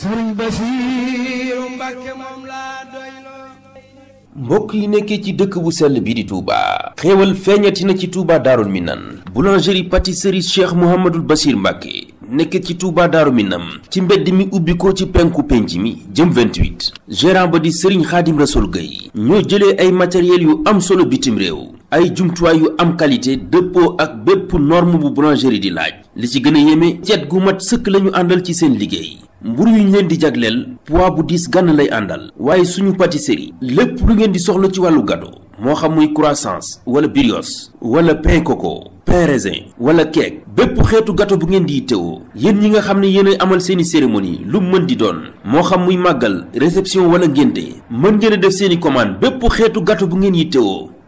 sëriñ mbokk yi nekkee ci dëkk bu sell bi di Touba. xéewal feeñati na ci Touba Darou Minane. boulangerie pâtisserie Cheikh Mouhamadul Bachir Mbacke nekk ci Touba Darou minam ci mbedd mi ubbi ko ci penku penc mi jëm 28. gérant ba di Serigne Khadim Rassoul Gueye. ñoo jëlee ay matériel yu am solo bitim réew. ay jumtuwaay yu am qualité dëppoo ak bépp norme bu boulangerie di laaj li ci gën a yéeme cet gu mat sëkk lañu àndal ci seen liggéey mbur yu ñu leen di jagleel poids bu diis gann lay àndal waaye suñu pâtisserie lépp lu ngeen di soxla ci wàllu gâteau moo xam muy croissants wala brioches wala pain coco pain raisin wala cake bépp xeetu gato bu ngeen di teewoo yéen ñi nga xam ne yéen a amal seeni cérémonie lu mën di doon moo xam muy màggal réception wala ngénte mën ngeen a def seeni commande bépp xeetu bu ngeen yi teewoo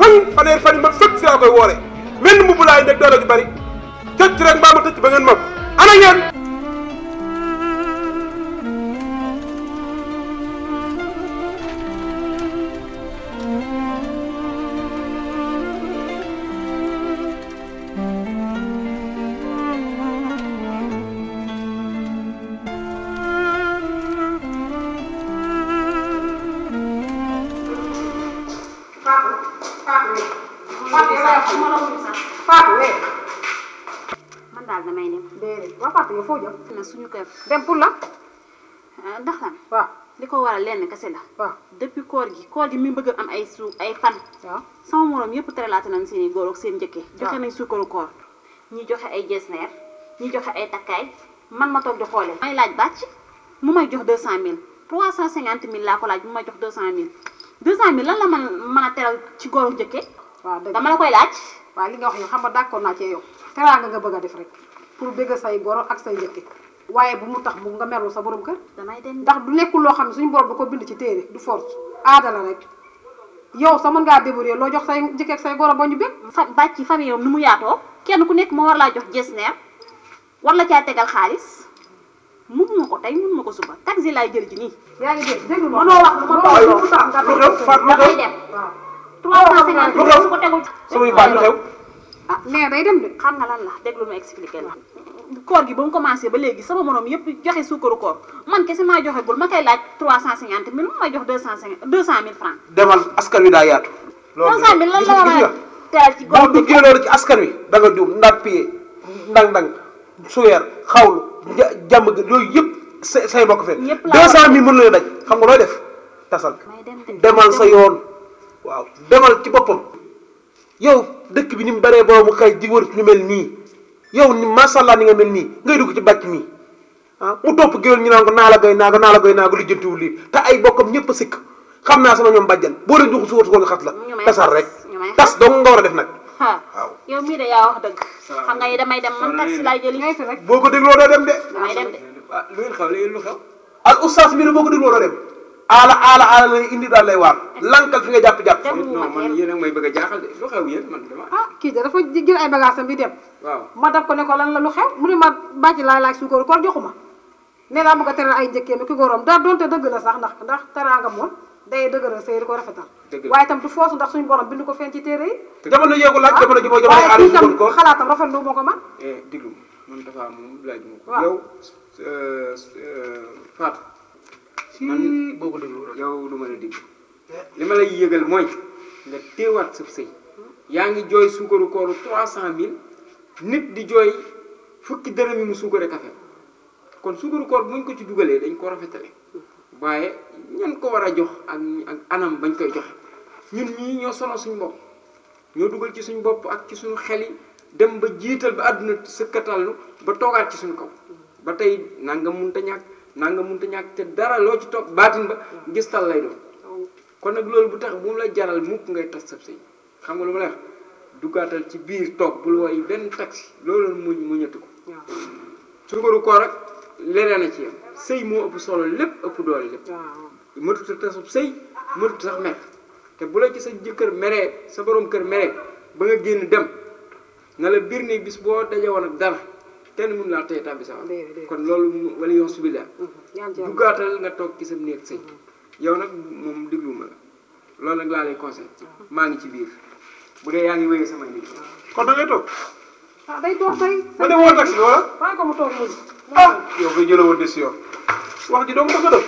fañ fanweer fan yi man sëkk si laa koy woore wenn mu bu laay nekk doole ju bari tëcc rek mbaa ma tëcc ba ngeen moom ana ngeen Fatou ma raw sax Fatou wee. Eh. man daal damay dem. déedéet waa Fatou yow foo jëm. na suñu kër. dem pour la. Euh, ndax nag. li ko waral lenn kese la. waaw depuis gi koor gi mi bëgg am ay su ay fan. waaw sama morom yëpp teralaate nañ seen i góor ak seen njëkke. joxe nañ sukkaru koor. ñi joxe ay jesneer ñi joxe ay takkaay man ma toog di xoolee. may laaj bàcc mu may jox deux cent mille trois cent cinquante mille laa ko laaj mu may jox deux cent mille deux cent mille lan la man a teral ci góor ak waaw dëgg dama la koy laaj waaw li nga wax ni xam nga d'accord naa ci yow teraanga nga bëgg a def rek pour bëgg say goro ak say njëkk waaye bu mu tax bu nga merul sa borom kër damay dem ndax du nekkul loo xam ne suñ borom bu ko bind ci téere du force aada la rek yow sa mën ngaa débrouiller loo jox say njëkk ak say goro boo ñu bëgg fa bàcc famille yoom ni mu yaatoo kenn ku nekk moo war laa jox gës neer war la caa tegal xaalis mun ma ko tey mun ma ko suba taxi laay jël ji nii yaa ngi 350 lu xew ko tegul su muy baax lu xew ah mais day dem de xam nga lan la déglu ma expliqué la koor gi ba mu commencé ba léegi sama monoom yëpp joxe suukaru koor man si maa joxe gul ma koy laaj 350 mille mu may jox 250 200 mille francs demal askan wi daa yaatu loolu 200 mille lan la ci góor ci askan wi da nga juum ndaat piye ndang-ndang suweer xawlu jàmm gi yooyu sa say say bokk fee 200 mille mën la daj xam nga looy def tasal demal sa yoon waaw demal ci boppam yow dëkk bi ni mu baree boobu mu xëy di wër ñu mel nii yow ni macha ni nga mel nii ngay dugg ci bàcc mi ah mu topp géwél ñu naan ko naa la gay naa ko naa gay naa ko lijjantiwul lii te ay bokkam ñëpp a sikk xam naa sama ñoom bàjjan boo leen dugg su wër su ko xat la tasar rek tas dong nga war a def nag. waaw yow mii de yaa wax dëgg. xam nga damay dem boo ko dégloo doo dem de. damay dem de. waaw ah, lu ngeen al oustaz mi la boo ko dégloo dem. aala aala aala lay indi daal lay waar eh. lankal fi nga jàpp jàpp. non man yéen a may bëgg a jaaxal de lu xew yéen man ah, de dafa jël ay bagages am bi dem. waaw ma daf ko ne ko lan la lu xew mu ne ma bàcc laa laaj suukaru koor joxu ma. ne laa bëgg a teral ay njëkkeem ki góoram daa doonte dëgg la sax ndax ndax teraanga moom day dëgëral sëy di ko rafetal. waaye itam du foosu ndax suñu borom bind ko fenn ci téere yi. jamono yeeku laaj jamono ji mooy jamono aar suukaru koor waaye kii tam xalaatam rafetlu moo ko man. Eh, déglu man dafa am laaj ma ko. yow euh, euh, Fatou man boobu déglu yow du ma la déglu li ma lay yëgal mooy nga téewaat sa sëy yaa ngi jooy suukaru kooru trois cent mille nit di jooy fukki dërëm yi mu suukare kafe kon suukaru koor buñ ko ci dugalee dañ ko rafetale waaye ñan ko war a jox ak ak anam bañ koy joxe ñun ñii ñoo sono suñ bopp ñoo dugal ci suñu bopp ak ci suñu xel yi dem ba jiital ba àdduna sëkkatallu ba toogaat ci suñu kaw ba tey nanga munta ñàkk nanga mun a ñàkk te dara loo ci toog baatin ba gis tal lay doon kon nag loolu bu tax bu mu la jaral mukk ngay tas sab sëy xam nga lu ma ci biir toog bul woy benn taxi loolu muñ muñatu ko suukaru koor ak ci sëy moo ëpp solo lépp ëpp doole lépp mëtut a tasub sëy mëtut sax mer te bu la ci sa jëkkër meree sa borom kër meree ba nga génn dem na la biir ni bis boo daje woon ak dara kenn mënu laa tey tàbbi sawar kon loolu wala yoon subi la mm-hmm. du gàttal nga toog ki sa néeg sëñ mm-hmm. yow nag moom déglu ma la loolu nag laa lay conseil mm-hmm. maa ngi ci biir bu dee yaa ngi wéyee sama nit kon da ngay toog ah day toog tey ba dem woo taxi wala bàyyi ko mu toog mu ah yow koy jëloo woon décision wax ji doo ko def